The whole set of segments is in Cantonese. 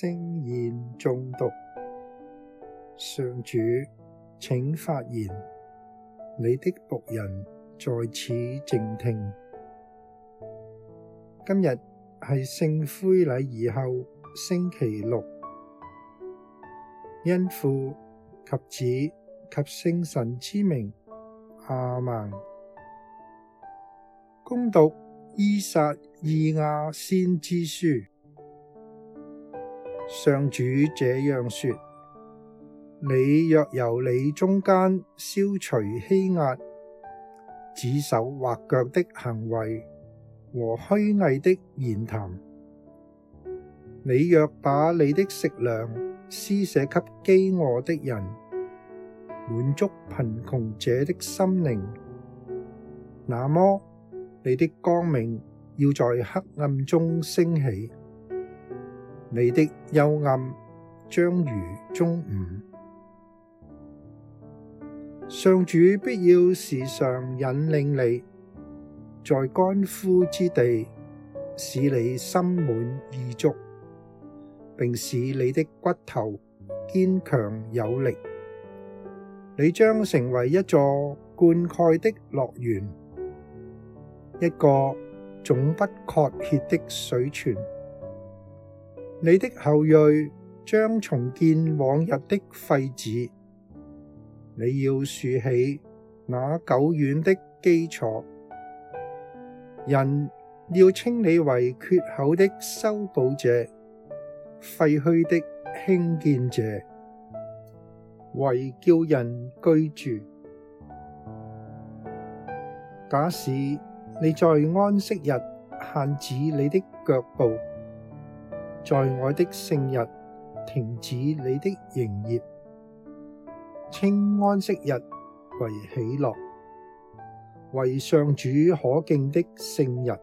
聖言誦讀，上主，請發言，你的僕人在此靜聽。今日係聖灰禮儀後星期六，因父及子及聖神之名，阿門，恭讀依撒意亞先知書。上主這樣說：你若由你中間消除欺壓、指手畫腳的行為和虛偽的言談，你若把你的食糧施捨給飢餓的人，滿足貧窮者的心靈，那麼你的光明要在黑暗中升起。你的幽暗將如中午，上主必要時常引領你，在乾枯之地使你心滿意足，並使你的骨頭堅強有力。你將成為一座灌溉的樂園，一個總不涸竭的水泉。你的後裔將重建往日的廢址，你要豎起那久遠的基礎。人要稱你為缺口的修補者，廢墟的興建者，為叫人居住。假使你在安息日限止你的腳步。在我的聖日停止你的營業，稱安息日為喜樂，為上主可敬的聖日。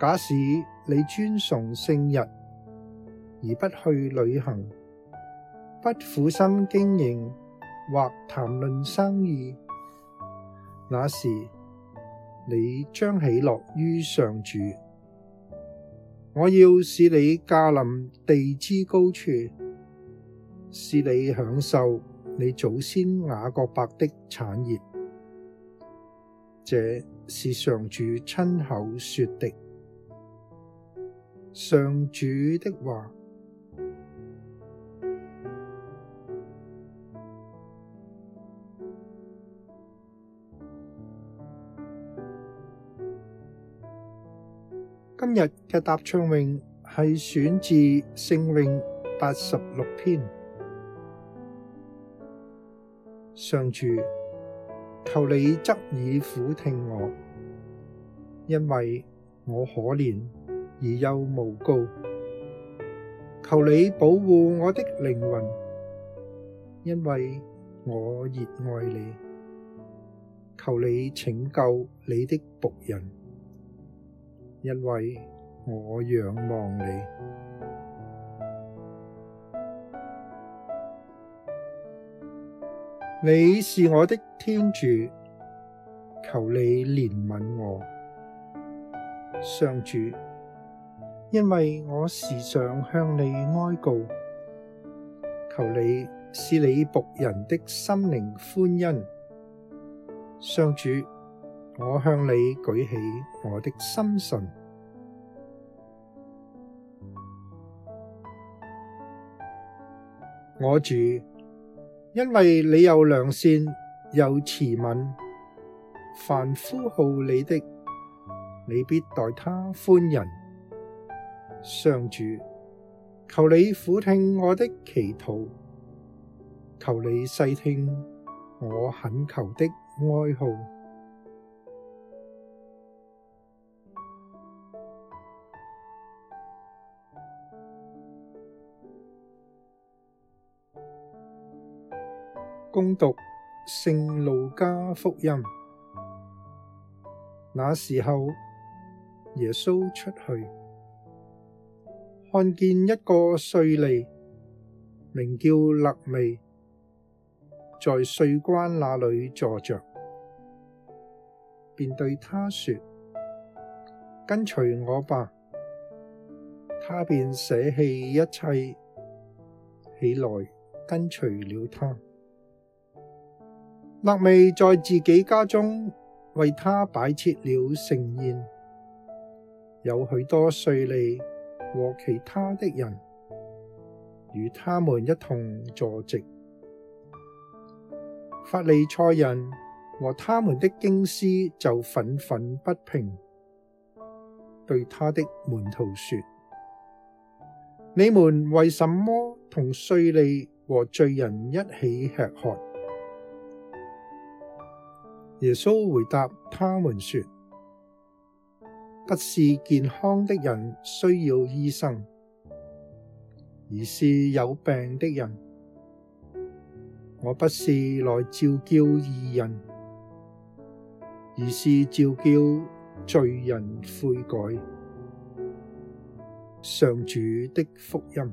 假使你尊崇聖日而不去旅行，不苦心經營或談論生意，那時你將喜樂於上主。我要使你駕臨地之高處，使你享受你祖先雅各伯的產業。這是上主親口說的。上主的話。今日嘅答唱詠係選自聖詠八十六篇，上主，求你側耳俯聽我，因為我可憐而又無告；求你保護我的靈魂，因為我熱愛你；求你拯救你的僕人。因為，我仰望你，你是我的天主，求你憐憫我，上主，因為我時常向你哀告，求你使你僕人的心靈歡欣，上主。我向你舉起我的心神，我主，因為你又良善又慈憫，凡呼號你的，你必待他寬仁。上主，求你俯聽我的祈禱，求你細聽我懇求的哀號。攻讀《聖路加福音》。那時候，耶穌出去，看見一個稅吏，名叫肋未，在稅關那裏坐着，便對他說：跟隨我吧。他便捨棄一切，起來跟隨了他。肋未在自己家中為他擺設了盛筵，有許多稅吏和其他的人，與他們一同坐席。法利賽人和他們的經師就忿忿不平，對他的門徒說：你們為什麼同稅吏和罪人一起吃喝？耶穌回答他們說：「不是健康的人需要醫生，而是有病的人。我不是來召叫義人，而是召叫罪人悔改。」上主的福音。